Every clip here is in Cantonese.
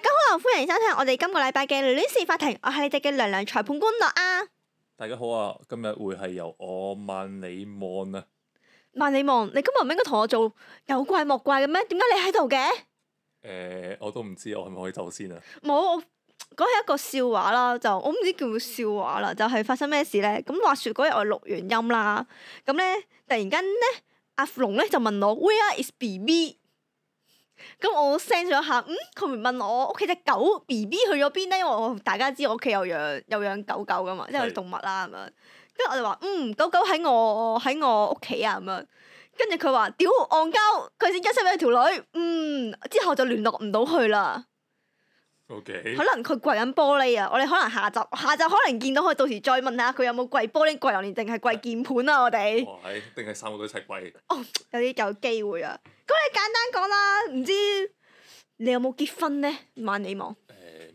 大家好啊，歡迎收聽我哋今個禮拜嘅戀事法庭，我係你哋嘅娘娘裁判官諾亞啊！大家好啊，今日會係由我萬里望啊？萬里望，你今日唔應該同我做有怪莫怪嘅咩？點解你喺度嘅？誒、呃，我都唔知我係咪可以先走先啊？冇，講起一個笑話啦，就我唔知叫笑話啦，就係、是、發生咩事咧？咁話說嗰日我錄完音啦，咁咧突然間咧，阿富龍咧就問我 Where is BB？咁我 send 咗一下，嗯，佢問我屋企隻狗 B B 去咗邊呢？因為我大家知我屋企有養有養狗狗噶嘛，即係動物啦咁是 樣。跟住我就話，嗯，狗狗喺我喺我屋企啊咁樣。跟住佢話：屌，戇鳩，佢先一出咗條女，嗯，之後就聯絡唔到佢啦。O K。可能佢跪緊玻璃啊！我哋可能下集下集可能見到佢，到時再問下佢有冇跪玻璃跪榴蓮，定係跪鍵盤啊！我哋。哇、哎！係，定係三個都一齊跪。哦，oh，有啲有機會啊！咁你簡單講啦，唔知你有冇結婚咧？萬里望誒，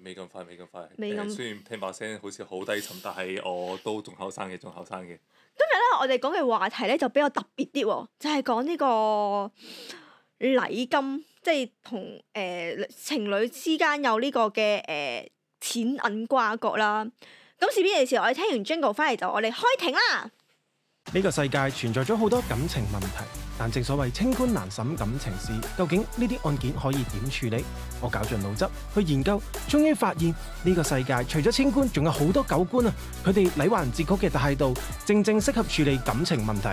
未咁、呃、快，未咁快。呃、雖然聽把聲好似好低沉，但係我都仲後生嘅，仲後生嘅。今日咧，我哋講嘅話題咧就比較特別啲喎，就係講呢個禮金，即係同誒情侶之間有呢、呢個嘅誒、呃、錢銀瓜葛啦。咁事不宜遲，我哋聽完 Jingle 翻嚟就我哋開庭啦。呢個世界存在咗好多感情問題。但正所謂清官難審感情事，究竟呢啲案件可以點處理？我絞盡腦汁去研究，終於發現呢個世界除咗清官，仲有好多狗官啊！佢哋捩橫折曲嘅態度，正正適合處理感情問題。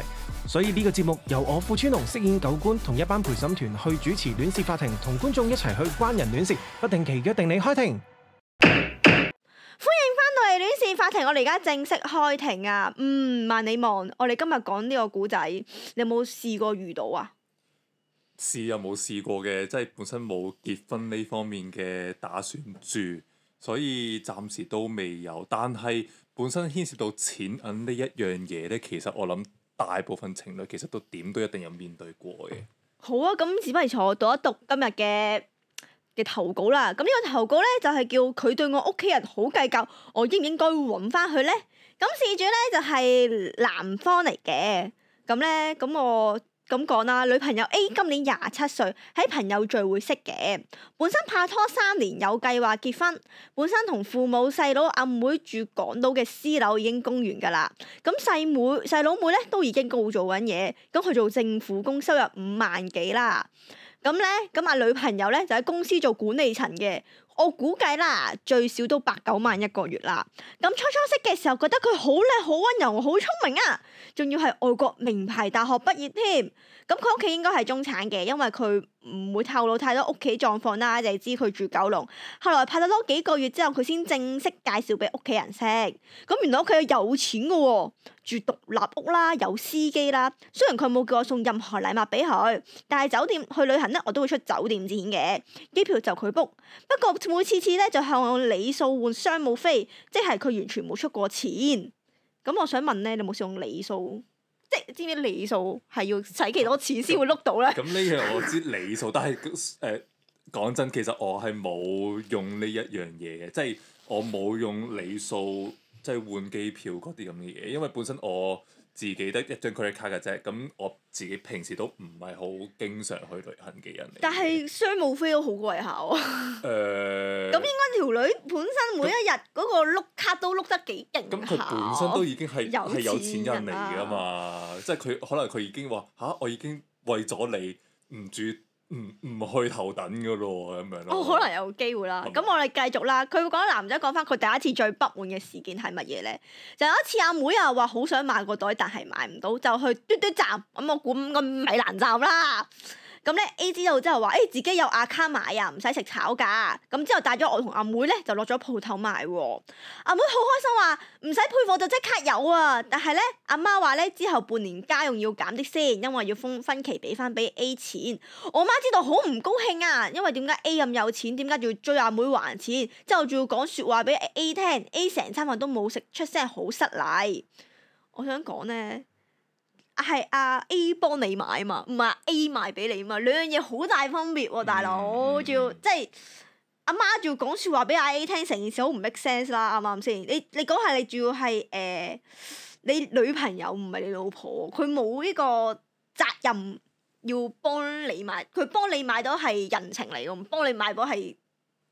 所以呢個節目由我富村龍飾演狗官，同一班陪審團去主持戀事法庭，同觀眾一齊去關人戀事，不定期約定你開庭。法庭，我哋而家正式開庭啊！嗯，萬你望，我哋今日講呢個古仔，你有冇試過遇到啊？試又冇試過嘅，即係本身冇結婚呢方面嘅打算住，所以暫時都未有。但係本身牽涉到錢銀呢一樣嘢咧，其實我諗大部分情侶其實都點都一定有面對過嘅。好啊，咁只不如坐讀一讀今日嘅。投稿啦，咁、這、呢個投稿咧就係、是、叫佢對我屋企人好計較，我應唔應該揾翻佢呢？咁事主咧就係、是、男方嚟嘅，咁咧咁我咁講啦，女朋友 A 今年廿七歲，喺朋友聚會識嘅，本身拍拖三年，有計劃結婚，本身同父母、細佬、阿妹、妹住港島嘅私樓已經供完噶啦，咁細妹、細佬妹咧都已經告做緊嘢，咁佢做政府工，收入五萬幾啦。咁咧，咁阿、嗯嗯、女朋友咧就喺公司做管理層嘅，我估計啦最少都八九萬一個月啦。咁、嗯、初初識嘅時候覺得佢好叻、好溫柔、好聰明啊，仲要係外國名牌大學畢業添。咁佢屋企應該係中產嘅，因為佢唔會透露太多屋企狀況啦，就係知佢住九龍。後來拍咗多幾個月之後，佢先正式介紹俾屋企人識。咁原來屋企有錢㗎喎，住獨立屋啦，有司機啦。雖然佢冇叫我送任何禮物俾佢，但係酒店去旅行咧，我都會出酒店錢嘅。機票就佢 book，不過每次次咧就向我用里數換商務飛，即係佢完全冇出過錢。咁我想問咧，你有冇使用里數？即係知唔知理數係要使幾多錢先會碌到呢？咁呢樣我知理數，但係誒，講真，其實我係冇用呢一樣嘢嘅，即係我冇用理數即係換機票嗰啲咁嘅嘢，因為本身我自己得一張 credit card 嘅啫，咁我自己平時都唔係好經常去旅行嘅人嚟。但係商務飛都好貴下、啊、喎。誒、 呃。咁應該條女本身每一日嗰個碌卡都碌得幾勁下。咁佢、嗯、本身都已經係係有錢人嚟㗎嘛， 即係佢可能佢已經話吓、啊，我已經為咗你唔住。唔唔、嗯、去頭等嘅咯咁樣咯。我、哦、可能有機會啦。咁 我哋繼續啦。佢會講男仔講翻佢第一次最不滿嘅事件係乜嘢咧？就有 一次阿妹又話好想買個袋，但係買唔到，就去嘟嘟站。咁我估咁米蘭站啦。咁咧 A 知道之後話：誒、欸、自己有 account 買啊，唔使食炒價。咁之後帶咗我同阿妹咧就落咗鋪頭買喎、啊。阿妹好開心話：唔使配貨就即刻有啊！但係咧阿媽話咧之後半年家用要減啲先，因為要分分期俾翻俾 A 錢。我媽知道好唔高興啊，因為點解 A 咁有錢，點解仲要追阿妹，妹還錢？之後仲要講説話俾 A 聽。A 成餐飯都冇食，出聲好失禮。我想講咧。係阿 A 幫你買嘛，唔係阿 A 賣俾你嘛，兩樣嘢好大分別喎、啊，大佬，仲、嗯、要即係阿媽仲要講説話俾阿 A, A 聽，成件事好唔 make sense 啦，啱唔啱先？你，你講下，你仲要係誒、呃，你女朋友唔係你老婆，佢冇呢個責任要幫你買，佢幫你買到係人情嚟嘅，唔幫你買到係。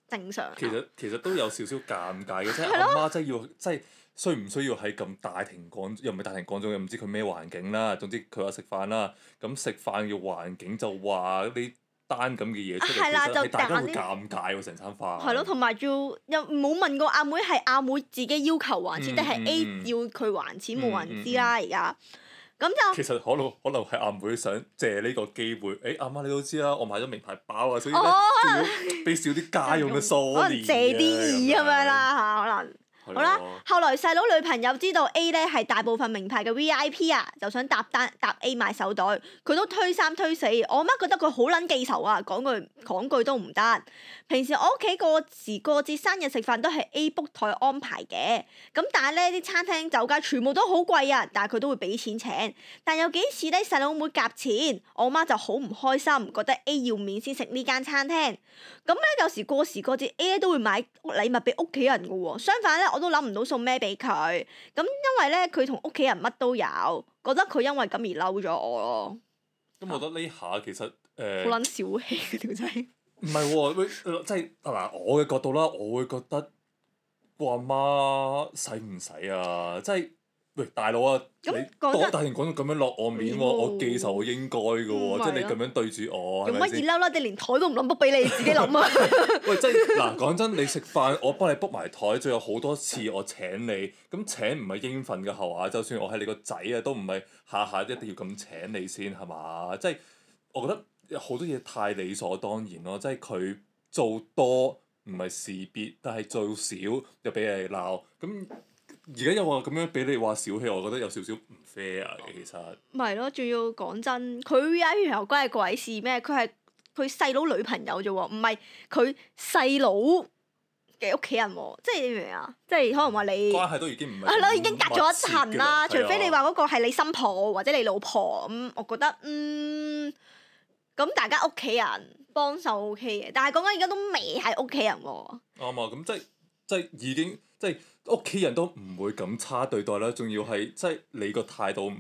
正常。其實其實都有少少尷尬嘅啫，阿的媽真係要即係、即係、需唔需要喺咁大庭廣，又唔係大庭廣眾，又唔知佢咩環境啦。總之佢話食飯啦，咁食飯嘅環境就話啲單咁嘅嘢出嚟，的大家好尷尬喎，成餐飯。係咯，同埋要又冇問過阿妹，係阿妹自己要求還錢，定係、嗯、A、IDS、要佢還錢冇、嗯、人知啦而家。嗯嗯嗯嗯就其實可能可能係阿妹想借呢個機會，誒、欸、阿媽你都知啦，我買咗名牌包啊，所以咧少俾少啲家用嘅數，借啲意咁樣啦嚇，可能好啦。後來細佬女朋友知道 A 咧係大部分名牌嘅 VIP 啊，就想搭單搭 A 買手袋，佢都推三推四，我媽覺得佢好撚記仇啊，講句講句都唔得。平時我屋企過時過節生日食飯都係 A book 台安排嘅，咁但係咧啲餐廳酒家全部都好貴啊，但係佢都會俾錢請，但有幾次咧細佬妹夾錢，我媽就好唔開心，覺得 A 要面先食呢間餐廳。咁咧有時過時過節 A 都會買禮物俾屋企人嘅喎，相反咧我都諗唔到送咩俾佢，咁因為咧佢同屋企人乜都有，覺得佢因為咁而嬲咗我咯。咁、嗯嗯、我覺得呢下其實誒，好撚小氣條仔。 唔係喎，喂，呃、即係嗱，我嘅角度啦，我會覺得我阿媽使唔使啊？即係喂，大佬啊！喂你講真，大庭廣眾咁樣落我面喎，哦、我記仇應該嘅喎，嗯、即係你咁樣對住我，係咪先？用乜熱嬲啦？連你連台都唔諗 book 俾你自己諗啊！ 喂，即係嗱，講真，你食飯我幫你 book 埋台，仲有好多次我請你，咁請唔係應份嘅後話，就算我係你個仔啊，都唔係下下一定要咁請你先係嘛？即係我覺得。有好多嘢太理所當然咯，即係佢做多唔係事必，但係做少就又俾人鬧，咁而家又話咁樣俾你話小氣，我覺得有少少唔 fair 嘅其實。唔係咯，仲要講真，佢有完頭關係鬼事咩？佢係佢細佬女朋友啫喎，唔係佢細佬嘅屋企人喎，即係你明唔明啊？即係可能話你關係都已經唔係。係咯、啊，已經隔咗一層啦。除非你話嗰個係你新抱，或者你老婆咁、嗯，我覺得嗯。咁大家屋企人幫手 O K 嘅，okay。但係講緊而家都未係屋企人喎。啱啊，咁即係即係已經即係屋企人都唔會咁差對待啦，仲要係即係你個態度唔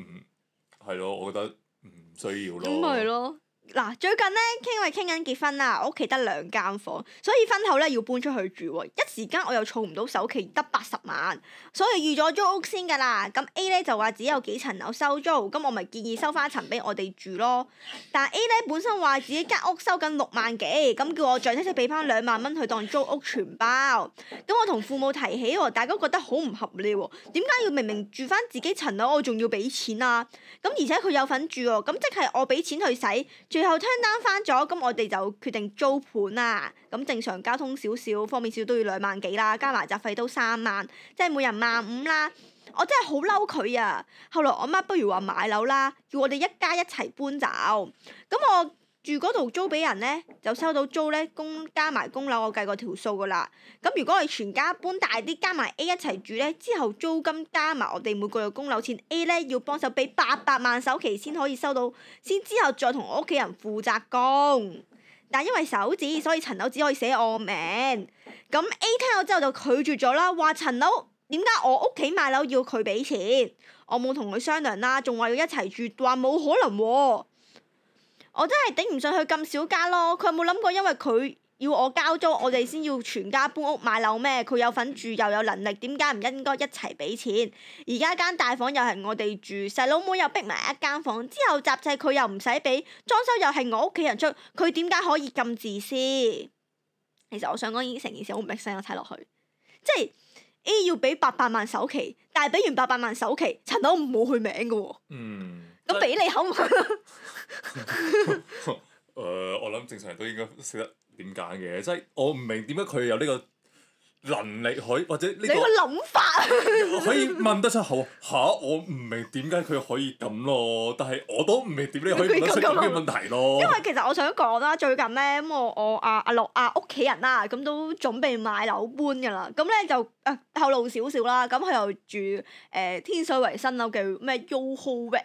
係咯，我覺得唔需要咯。咁咪、嗯、咯。嗱，最近咧傾，因為傾緊結婚啦，我屋企得兩間房，所以婚後咧要搬出去住喎。一時間我又儲唔到首期，得八十萬，所以預咗租屋先噶啦。咁 A 咧就話只有幾層樓收租，咁我咪建議收翻一層俾我哋住咯。但 A 咧本身話自己間屋收緊六萬幾，咁叫我再偷偷俾翻兩萬蚊去當租屋全包。咁我同父母提起喎，大家都覺得好唔合理喎。點解要明明住翻自己層樓，我仲要俾錢啊？咁而且佢有份住喎，咁即係我俾錢去使。最後 turn down 翻咗，咁我哋就決定租盤啦。咁正常交通少少，方便少都要兩萬幾啦，加埋雜費都三萬，即係每人萬五啦。我真係好嬲佢啊！後來我媽不如話買樓啦，叫我哋一家一齊搬走。咁我。住嗰度租俾人呢，就收到租呢，供加埋供樓，我計過條數噶啦。咁如果係全家搬大啲，加埋 A 一齊住呢，之後租金加埋我哋每個月供樓錢，A 呢要幫手俾八百萬首期先可以收到，先之後再同我屋企人負責供。但因為手指，所以層樓只可以寫我名。咁 A 聽咗之後就拒絕咗啦，話層樓點解我屋企買樓要佢俾錢？我冇同佢商量啦，仲話要一齊住，話冇可能喎、啊。我真係頂唔順佢咁少家咯，佢有冇諗過，因為佢要我交租，我哋先要全家搬屋買樓咩？佢有份住又有能力，點解唔應該一齊俾錢？而家間大房又係我哋住，細佬妹又逼埋一間房，之後集齊佢又唔使俾，裝修，又係我屋企人出，佢點解可以咁自私？其實我想講已經成件事好唔 make sense，我睇落去，即係 A 要俾八百萬首期，但係俾完八百萬首期，陳老五冇佢名嘅喎。嗯咁俾你好唔好？誒，我諗正常人都應該識得點揀嘅，即、就、係、是、我唔明點解佢有呢個能力，可以或者呢、這個諗法 可以問得出口？嚇，我唔明點解佢可以咁咯？但係我都唔明點解可以咁嘅問題咯。因為其實我想講啦，最近咧咁我我阿阿諾亞屋企人啦、啊，咁都準備買樓搬㗎啦。咁咧就誒透露少少啦。咁、啊、佢又住誒、呃、天水圍新樓叫咩？Uhovac。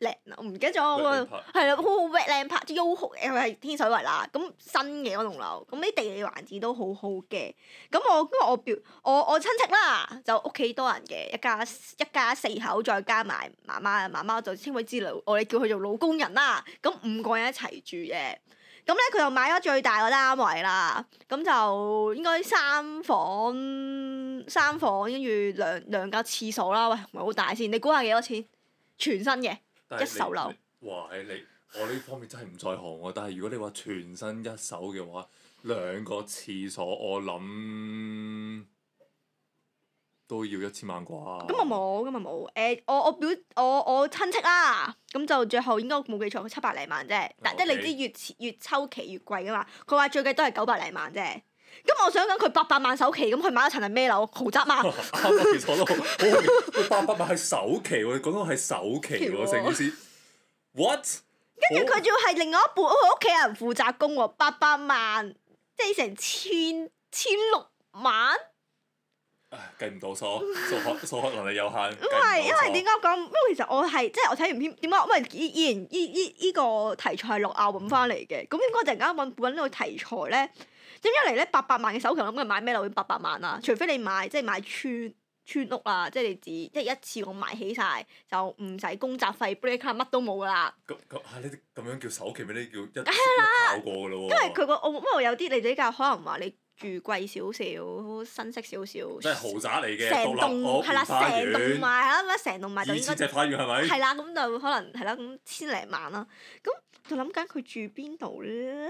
靚啊！我唔記得咗我喎，係啦，好好劈靚拍，啲腰好誒，佢、嗯、係天水圍啦。咁、那個、新嘅嗰棟樓，咁、那、啲、個、地理環境都好好嘅。咁我因為我表我我親戚啦，就屋企多人嘅一家一家四口，再加埋媽媽，媽媽就稱為之類，我哋叫佢做老工人啦。咁五個人一齊住嘅，咁咧佢就買咗最大個單位啦。咁就應該三房三房，跟住兩兩間廁所啦。喂，唔係好大先，你估下幾多錢？全新嘅。一手樓。哇！喺你，我呢方面真係唔在行喎。但係如果你話全新一手嘅話，兩個廁所我諗都要一千萬啩。咁啊冇，咁啊冇。誒、欸，我我表我我親戚啦、啊，咁就最後應該冇記錯，七百零萬啫。但係 Okay. 你知越越抽期越貴㗎嘛？佢話最貴都係九百零萬啫。咁、嗯、我想緊佢八百萬首期，咁佢買一層係咩樓？豪宅嘛？啱 哦，冇錯咯。佢八百萬係首期喎，你講到係首期喎，成件事妙。What？跟住佢仲要係另外一半，佢屋企人負責供喎，八百萬，即係成千千六萬。唉，計唔到數，數學數學能力有限。 因為因為點解講？因為其實我係即係我睇完篇點講，唔係以前依依依個題材係六亞揾翻嚟嘅，咁點解突然間揾到呢個題材咧？點解嚟呢八百萬嘅首期我諗緊買咩樓？八百萬啊！除非你買，即係買村村屋啊！即你自即係一次我買起晒，就唔使公積費 break 乜都冇噶啦。咁咁嚇呢啲咁樣叫首期咩？呢叫一次 過因為佢個我因為有啲你呢個可能話你住貴少少，新式少少。即係豪宅嚟嘅。成棟係啦，成、哦、棟、棟買啊！成棟買就應該就。以前只係咪？係啦，咁就可能係啦，咁千零萬啊！咁就諗緊佢住邊度咧？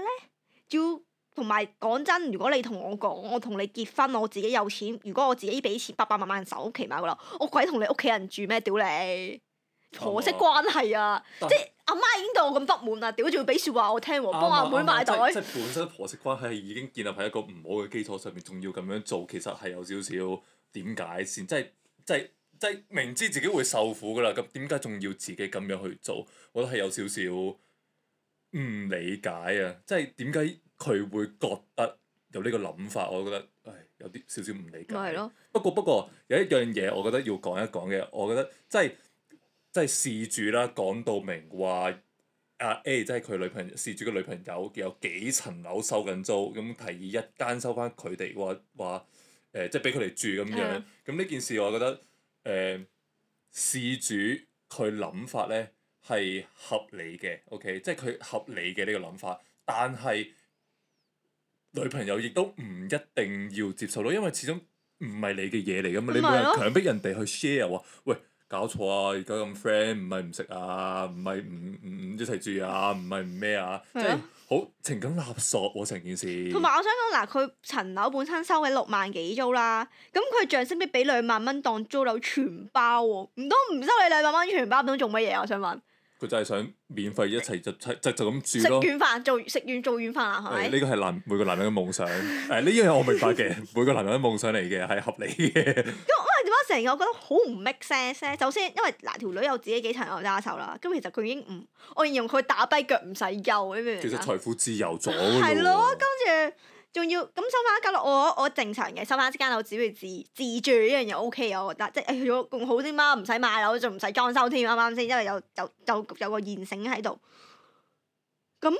要。同埋講真，如果你同我講，我同你結婚，我自己有錢。如果我自己俾錢八百萬萬首期買個樓，我鬼同你屋企人住咩？屌你！婆媳關係啊，嗯、即係阿媽已經對我咁不滿啦，屌仲要俾説話我聽喎，幫阿妹買袋。嗯嗯嗯、即係本身婆媳關係已經建立喺一個唔好嘅基礎上面，仲要咁樣做，其實係有少少點解先？即係即係即係明知自己會受苦噶啦，咁點解仲要自己咁樣去做？我覺得係有少少唔理解啊！即係點解？佢會覺得有呢個諗法，我覺得，唉，有啲少少唔理解。 不。不過不過有一樣嘢，我覺得要講一講嘅，我覺得即係即係事主啦，講到明話啊 A，即係佢女朋友事主嘅女朋友有幾層樓收緊租，咁提議一間收翻佢哋話話誒，即係俾佢哋住咁樣。咁呢 件事我覺得誒事、呃、主佢諗法咧係合理嘅，OK，即係佢合理嘅呢、呢個諗法，但係。女朋友亦都唔一定要接受到，因為始終唔係你嘅嘢嚟噶嘛，嗯、你冇人強迫人哋去 share 話、嗯，喂，搞錯啊，而家咁 friend 唔係唔食啊，唔係唔唔一齊住啊，唔係唔咩啊，即係好情感勒索喎、啊、成件事。同埋、嗯、我想講嗱，佢層樓本身收緊六萬幾租啦，咁佢仲識唔識俾兩萬蚊當租樓全包喎？唔通唔收你兩萬蚊全包，唔通做乜嘢啊？我想問。佢就係想免費一齊就就就咁住咯。食軟飯做食軟做軟飯啦，係咪嗎？呢個係男每個男人嘅夢想，誒，呢樣嘢我明白嘅，每個男人嘅夢想嚟嘅，係合理嘅。咁啊，點解成日我覺得好唔 make sense 呢？首先，因為嗱、啊、條女有自己幾層樓揸手啦，咁其實佢已經唔我形容佢打跛腳唔使救，其實財富自由咗。係 咯，跟住。仲要咁收翻間樓，我我正常嘅收翻間樓，我只會自自住呢樣嘢 O K 嘅，我覺得即係仲好啲嘛，唔使買樓仲唔使裝修添，啱啱先？因為有有有有個現成喺度。咁，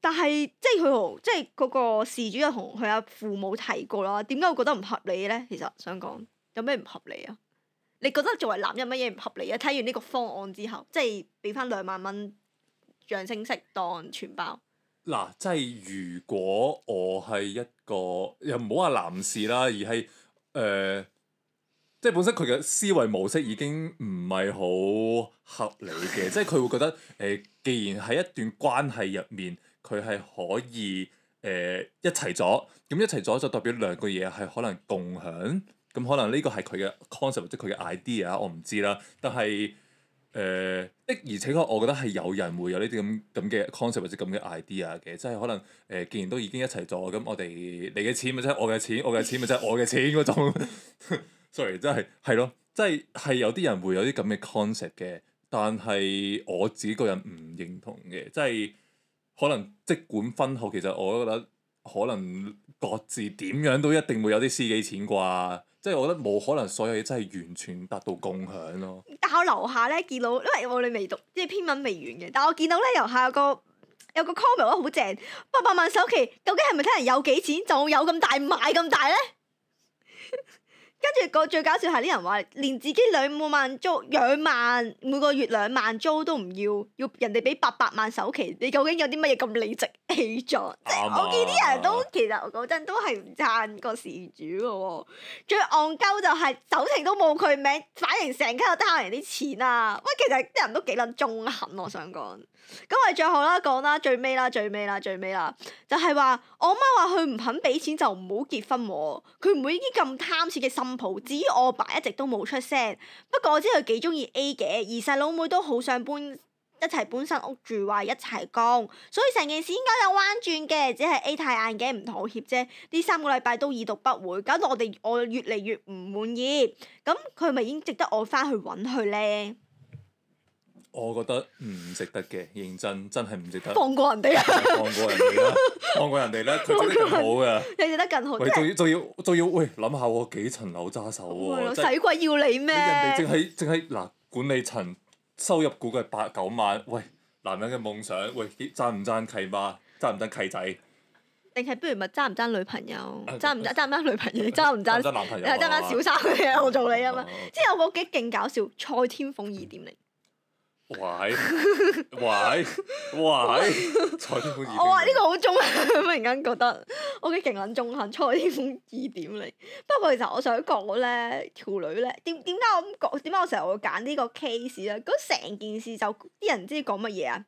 但係即係佢同即係嗰個事主又同佢阿父母提過囉。點解我覺得唔合理咧？其實想講有咩唔合理啊？你覺得作為男人乜嘢唔合理啊？睇完呢個方案之後，即係俾翻兩萬蚊，養生息當全包。嗱、啊，即係如果我係一個又唔好話男士啦，而係誒、呃，即係本身佢嘅思維模式已經唔係好合理嘅，即係佢會覺得誒、呃，既然喺一段關係入面，佢係可以誒、呃、一齊咗，咁一齊咗就代表兩個嘢係可能共享，咁可能呢個係佢嘅 concept 或者佢嘅 idea，我唔知啦，但係。誒，的、呃、而且確，我覺得係有人會有呢啲咁咁嘅 concept 或者咁嘅 idea 嘅，即係可能誒、呃，既然都已經一齊咗，咁我哋你嘅錢咪即係我嘅錢，我嘅錢咪即係我嘅錢嗰種。 Sorry，真係係咯，即係係有啲人會有啲咁嘅 concept 嘅，但係我自己個人唔認同嘅，即係可能即管分後，其實我覺得可能各自點樣都一定會有啲私己錢啩。即係我覺得冇可能所有嘢真係完全達到共享咯。但係我樓下咧，見到，因為我哋未讀即係篇文未完嘅，但係我見到咧樓下有個有個 comment 我覺得好正，八百萬首期，究竟係咪睇人有幾錢就有咁大買咁大咧？跟住個最搞笑係啲人話，連自己兩萬租兩萬每個月兩萬租都唔要，要人哋俾八百萬首期，你究竟有啲乜嘢咁理直氣壯？吧即我見啲人都其實嗰陣都係唔撐個事主嘅喎，最戇鳩就係首期都冇佢名，反而成間屋都係人哋啲錢啊！喂，其實啲人都幾撚中肯，我想講。咁我哋最後啦，講啦，最尾啦最尾啦最尾啦，就係話我媽話佢唔肯俾錢就唔好結婚喎，佢唔會呢啲咁貪錢嘅心抱。至於我爸一直都冇出聲，不過我知佢幾中意 A 嘅，而細佬妹都好想搬一齊搬新屋住，話一齊供。所以成件事應該有彎轉嘅，只係 A 太硬頸唔妥協啫。呢三個禮拜都已讀不回，搞到我哋我越嚟越唔滿意。咁佢咪已經值得我翻去揾佢咧？我覺得唔值得嘅，認真真係唔值得。放過人哋啊！ 放過人哋啦，放過人哋咧，佢做得更好嘅。你做得更好。 喂，仲要仲要仲要喂，諗下喎，幾層樓揸手喎，使鬼要你咩？人哋淨係淨係嗱管理層收入估計八九萬，喂男人嘅夢想，喂爭唔爭契媽，爭唔爭契仔？定係不如咪爭唔 爭，爭，爭，爭女朋友？爭唔爭 爭翻男朋友，啊？ 爭唔爭？爭翻小三嘅我做你啊嘛！ 之後嗰幾勁搞笑，蔡天鳳二點零。 嗯喂，喂，喂，蔡天鳳疑點，我話呢個好中肯，忽然間覺得我幾勁狠中肯，蔡天鳳疑點你。不過其實我想講咧，條女咧點點解我咁講？點解我成日會揀呢個 case 咧？咁成件事就啲人唔知講乜嘢啊？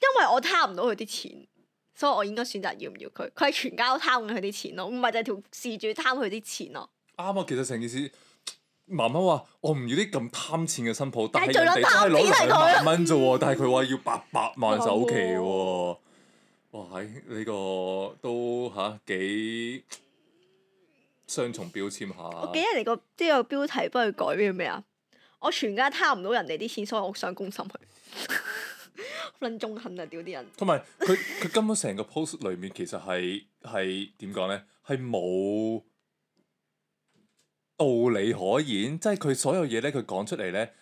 因為我貪唔到佢啲錢，所以我應該選擇要唔要佢。佢係全家都貪緊佢啲錢咯，唔係淨係條事主貪佢啲錢咯。啱啊！其實成件事。媽媽話：我唔要啲咁貪錢嘅新抱，起地你攞嚟萬蚊啫喎，但係佢話要八百萬首期喎、啊。 哇！喺、這、呢個都嚇幾雙重標籤下，我記得你個即係個標題幫佢改咩啊？我全家貪唔到人哋啲錢，所以我想公審。佢。 撚中肯啊！屌啲人。同埋佢佢根本成個 post 裏面其實係係點講咧？係冇。道理可言，即係佢所有嘢咧，佢講出嚟咧，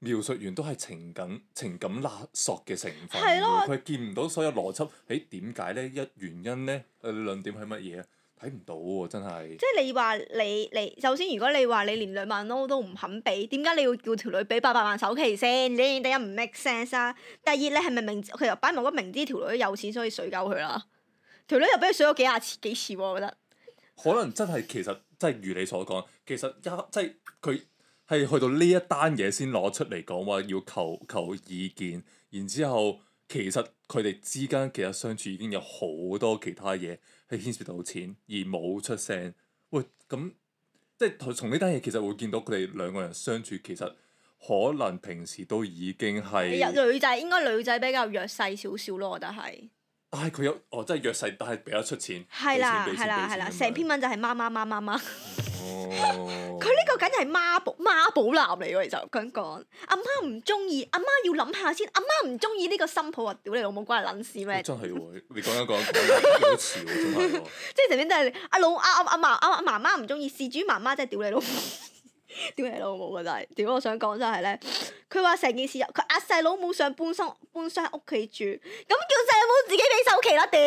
描述完都係情感、情感勒索嘅成分。佢的見唔到所有邏輯，誒點解咧？一原因咧，誒論點係乜嘢啊？睇唔到喎，真係。即係你話你你，首先如果你話你連兩萬蚊都唔肯俾，點解你要叫條女俾八百萬首期先？你第一唔 make sense 啊。第二你係咪明知其實擺明都明知條女有錢，所以水救佢啦？條女又俾佢水咗幾廿次幾次喎、啊，我覺得。可能真係其實即係如你所講，其實一即係佢係去到呢一單嘢先攞出嚟講話要求求意見，然之後其實佢哋之間其實相處已經有好多其他嘢係牽涉到錢而冇出聲。喂，咁即係從呢單嘢其實會見到佢哋兩個人相處其實可能平時都已經係女仔應該女仔比較弱勢少少咯，我覺得係。但係佢有，哦，真係弱勢，但係俾得出錢。係啦，係啦，係啦，成篇文就係媽，媽媽媽媽媽。 哦。佢呢 個梗係媽寶媽寶男嚟喎，其實佢咁講，阿媽唔中意，阿媽，媽要諗下先，阿媽唔中意呢個新抱，話屌你老母關你撚事咩？真係喎，你講一講咁 有詞喎，做咩 即係成篇都係阿老阿阿阿嫲阿阿媽媽唔中意事主媽媽，真係屌你老母！ 點嘅老母啊！真係，點我，我想講就係咧，佢話成件事，佢阿細佬母上半山半山屋企住，咁叫細佬母自己俾首期啦！屌。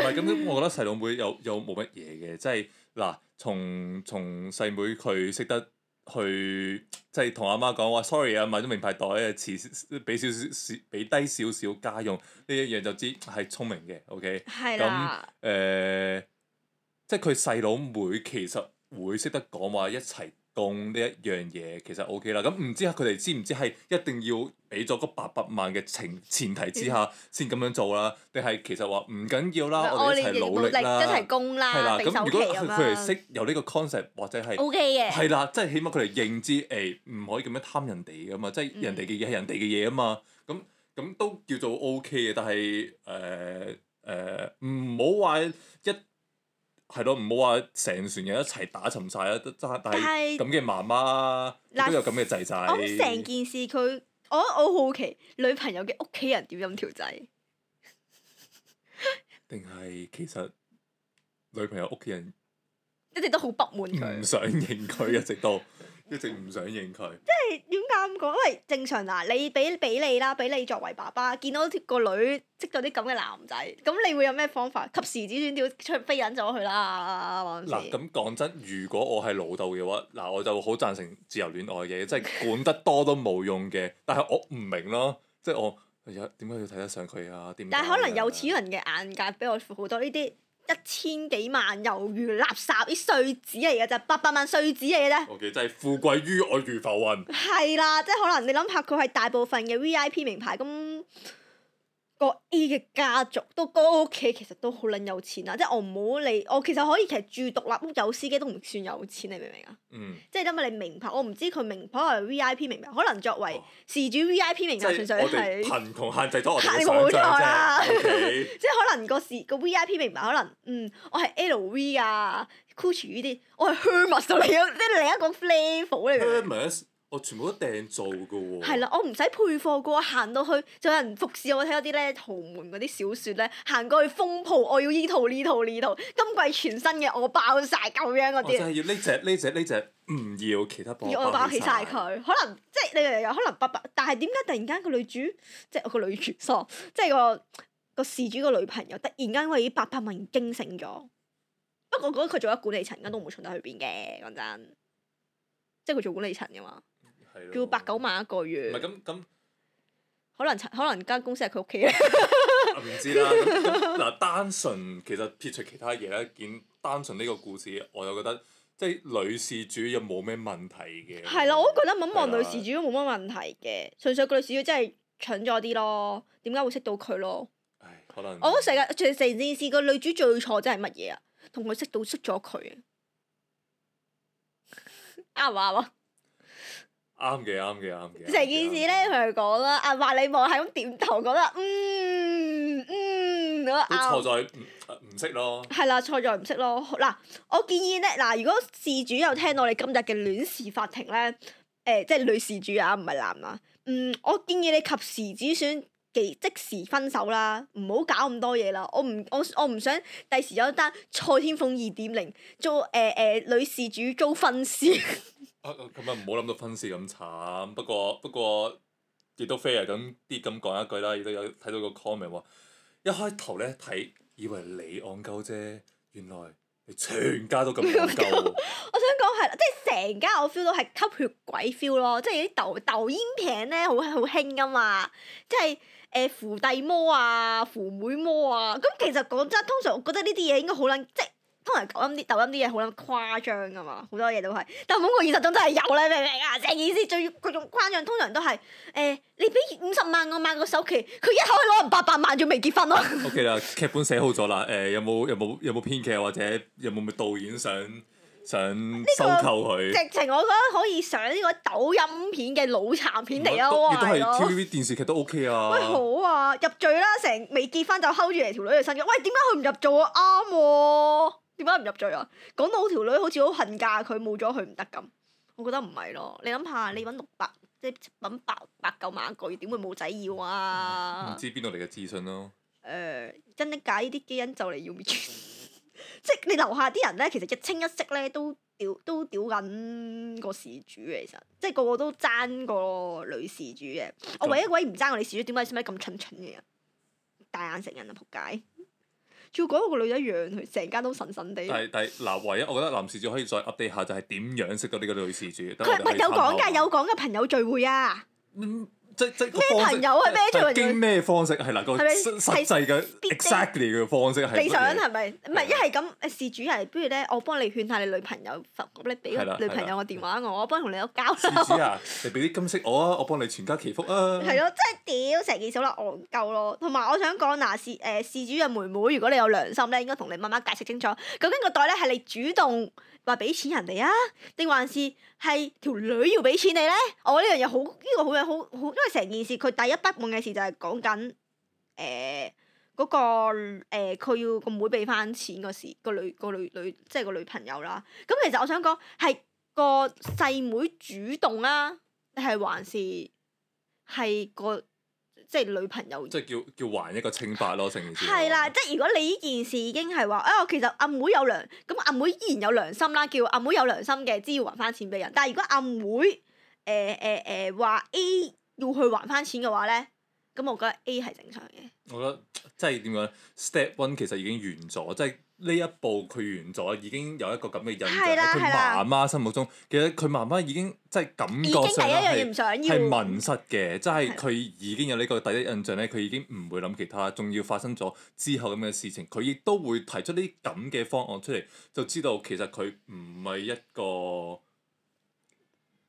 唔係咁，我覺得細佬妹有有冇乜嘢嘅，即係嗱，從從細妹佢識得去，即係同阿媽講話，sorry 啊，買咗名牌袋啊，遲俾少少俾低少少家用呢一樣就知係聰明嘅，OK。係啦。誒、呃，即係佢細佬妹其實會識得講話一齊。供呢一樣嘢其實 O、OK、K 啦，咁唔知佢哋知唔知係一定要俾咗嗰八百萬嘅前前提之下先咁樣做啦，定係其實話唔緊要啦， 我哋一齊努力啦，一齊供啦，俾首期啊嘛，係 啦，咁如果佢哋識有呢個 concept 或者係 O K 係啦，即係起碼佢哋認知誒唔、欸、可以咁樣貪人哋噶嘛，即、就、係、是、人哋嘅嘢係人哋嘅嘢啊嘛，咁咁、嗯、都叫做 O K 嘅，但係誒誒唔好話一。係咯，唔好話成船人一齊打沉晒啦，得揸，但係咁嘅媽媽是都有咁嘅仔仔。咁成件事佢，我我好好奇女朋友嘅屋企人點諗條仔？定 係其實女朋友屋企人 一直都好不滿佢，唔想認佢一直都。 一直唔想認佢。即係點解咁講？因為正常嗱，你俾俾你啦，俾你作為爸爸，見到個女識到啲咁嘅男仔，咁你會有咩方法？及時止蝕，掉，出飛人咗佢啦！嗱，咁講真，如果我係老豆嘅話，嗱，我就好贊成自由戀愛嘅，即係管得多都冇用嘅。 但係我唔明咯，即係我有點解要睇得上佢啊？但係可能有錢人嘅眼界，比我闊好多呢啲。一千幾萬猶如垃圾啲碎紙嚟嘅啫，八百萬碎紙嚟嘅啫。我哋真係富貴於我如浮雲。係啦，即係可能你諗下，佢係大部分嘅 VIP 名牌咁。個 E 嘅家族都屋企，其實都好撚有錢啊！即我唔好理，我其實可以其實住獨立屋，有司機都唔算有錢，你明唔、嗯、明啊？嗯。即因為你名牌，我唔知佢名牌係 V I P 名牌，可能作為事主 V I P 名牌，哦、純粹係貧窮限制咗我哋。你冇錯啦。Okay、 即可能個事個 V I P 名牌可能嗯，我係 L V 啊、Gucci 呢啲，我係 Hermes 嚟 咗，即係另一個 flavour Herm 嚟 es?。 我全部都訂做嘅喎。係啦，我唔使配貨嘅喎，行到去就有人服侍我睇嗰啲咧豪門嗰啲小説咧，行過去封鋪，我要呢套呢套呢套，今季全新嘅我包晒咁樣嗰啲。就係要呢隻呢隻呢隻，唔 要其他幫。要我包起晒佢，可能即係你又有可能八百，但係點解突然間個女主即係、就係、我個女主喪，即係、個個事主個女朋友突然間為咗八百萬驚醒咗。不過我覺得佢做咗管理層，應該都唔會蠢到去邊嘅，講真，即係佢做管理層嘅嘛。叫八九萬一個月。唔係咁咁。可能可能間公司係佢屋企咧。唔知啦，嗱、嗯，單純其實撇除其他嘢咧，見單純呢個故事，我就覺得即係女事主又冇咩問題嘅。係啦，我都覺得冇望女事主都冇乜問題嘅，的純粹個女事主真係蠢咗啲咯，點解會識到佢咯？可能我。我成日成件事個女主最錯真係乜嘢啊？同佢識到識咗佢。啱 嘛！啱嘛。啱嘅，啱嘅，啱嘅。成件事咧，佢就講啦，啊話你望係咁點頭，覺得嗯嗯，我、嗯、拗。錯在唔唔識咯。係啦，錯在唔識咯。嗱，我建議咧，嗱，如果事主有聽到你今日嘅戀事法庭咧，誒、呃，即係女事主啊，唔係男啊，嗯，我建議你及時止損，幾即時分手啦、啊，唔好搞咁多嘢啦。我唔，我我唔想第時有一單蔡天鳳二點零做誒誒、呃呃、女事主遭分屍。 咁啊，唔好諗到分手咁慘。不過不過，亦都 fair 啊，咁啲咁講一句啦。亦都有睇到個 comment 話，一開頭咧睇以為你戇鳩啫，原來你全家都咁戇鳩。我想講係啦，即係成家我 feel 到係吸血鬼 feel 咯，即係啲豆豆煙片咧，好好興噶嘛。即係誒，扶、呃、弟魔啊，扶妹魔啊，咁其實講真，通常我覺得呢啲嘢應該好撚即通常抖音啲抖音啲嘢好咁誇張噶嘛，好多嘢都係，但係冇過現實中都係有啦，明唔明啊？成件事最各種誇張，通常都係誒、欸，你俾五十萬我買個首期，佢一口氣攞人八百萬仲未結婚咯。O K 啦，okay、 劇本寫好咗啦，誒、欸、有冇有冇有冇編劇或者有冇咪導演想想收購佢？直情我覺得可以上呢個抖音片嘅腦殘片嚟咯！亦都係 T V B 電視劇都 O、okay、K 啊。喂，好啊，入罪啦，成未結婚就睺住嚟條女嘅身，喂點解佢唔入罪啊？啱喎。點解唔入罪啊？講到好條女好似好恨嫁，佢冇咗佢唔得咁。我覺得唔係咯，你諗下，你揾六百，即係你揾八百九萬一個月，點會冇仔要啊？唔知邊度嚟嘅資訊咯？誒，真啲假？依啲基因就嚟要滅絕？即係你樓下啲人咧，其實一清一色咧，都屌都屌緊個事主嘅，其實即係個個都爭個女事主嘅。我唯一一位唔爭個女事主，點解先係咁蠢蠢嘅人？大眼食人啊！仆街。照講個女仔一樣，佢成家都神神地。嗱，唯一我覺得男事主可以再 up 地下就係點樣識到呢個女事主。佢唔係有講㗎？有講㗎，朋友聚會啊。嗯咩朋友孭出去？經咩方式係嗱，個實際嘅 exactly 嘅方式係你想，係咪？唔係一係咁，事主係不如咧，我幫你勸下你女朋友，咁你俾個女朋友個電話我，我幫你同你交。事主啊， 你俾啲金色我啊，我幫你全家祈福啊。係咯，真係屌成件事好垃圾鳩咯。同埋我想講嗱，事誒、呃、事主嘅妹妹，如果你有良心咧，應該同你媽媽解釋清楚。究竟個袋咧係你主動話俾錢人哋啊，定還是？係條女要俾錢你呢？我呢樣嘢好，呢、呢個好嘅好好，因為成件事佢第一不滿嘅事就係講緊誒嗰個誒，佢、呃、要個妹俾翻錢個時，個女個女女即係個女朋友啦。咁、嗯、其實我想講係個細妹，妹主動啊，定係還是係個？即係女朋友。即係叫叫還一個清白咯，成件事。係啦，即係如果你依件事已經係話，啊、哎，其實阿妹有良，咁阿妹依然有良心啦，叫阿妹有良心嘅，知要還翻錢俾人。但係如果阿妹誒誒誒話 A 要去還翻錢嘅話咧，咁我覺得 A 係正常嘅。我覺得即係點講？Step one 其實已經完咗，即係。呢一步佢完咗，已經有一個咁嘅印象喺佢媽媽心目中。的其實佢媽媽已經即係感覺上係係紋實嘅，即係佢已經有呢個第一印象咧，佢已經唔會諗其他。仲要發生咗之後咁嘅事情，佢亦都會提出呢啲咁嘅方案出嚟，就知道其實佢唔係一個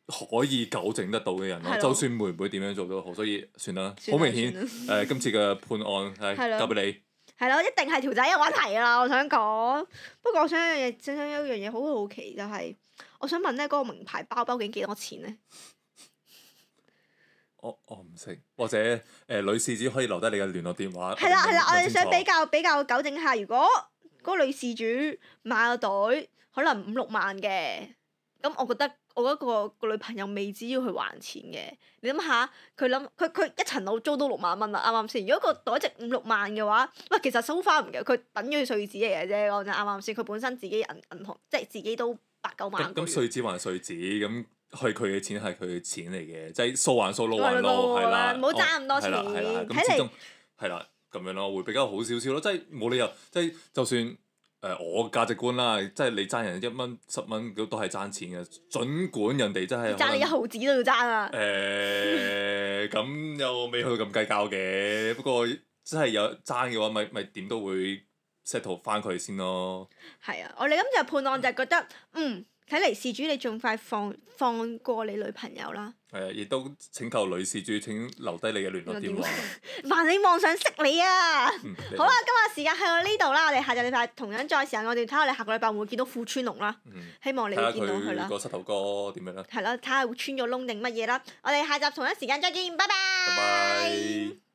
可以糾正得到嘅人咯。的就算妹妹點樣做都好，所以算啦，好的明顯。誒，今、呃、次嘅判案、哎、的係交俾你。係咯，一定係條仔有問題啦！我想講，不過我想一樣嘢，想，想有一樣嘢，好好奇就係、是，我想問呢嗰、那個名牌包究竟幾多錢呢？我我唔識，或者誒、呃，女士只可以留低你嘅聯絡電話。係啦係啦，我哋想比較比較糾正下，如果嗰個女事主買個袋，可能五六萬嘅，咁我覺得。我嗰個個女朋友未至於去還錢嘅，你諗下，佢諗佢佢一層樓租到六萬蚊啦，啱唔啱先？如果個袋值五六萬嘅話，喂，其實收翻唔到，佢等於碎紙嚟嘅啫，講真，啱唔啱先？佢本身自己銀銀行即係自己都八九萬。咁碎紙還碎紙，咁去佢嘅錢係佢嘅錢嚟嘅，即數歸數就係數還數咯，係啦了，唔好爭咁多錢，睇係啦咁樣咯，會比較好少少咯，即係冇理由，即係就算。誒、呃、我價值觀啦，即係你爭人一蚊十蚊，都係爭錢嘅，儘管人哋真係。爭你一毫子都要爭啊！誒、呃，咁 又未去到咁計較嘅，不過真係有爭嘅話，咪咪點都會 settle 翻佢先咯。係啊，我哋咁就判案就係覺得，嗯，睇嚟事主你仲快放放過你女朋友啦。係啊，亦都請求女事主請留低你嘅聯絡電話。電話 萬你妄想識你啊！ 你好啦、啊，今日時間去到呢度啦，我哋下集禮拜同樣再時間，我哋睇下我哋下個禮拜會唔會見到富村龍啦。嗯、希望你會見到佢啦。個膝頭哥點樣啦？係咯、 啊，睇下會穿咗窿定乜嘢啦！我哋下集同一時間再見，拜拜。拜。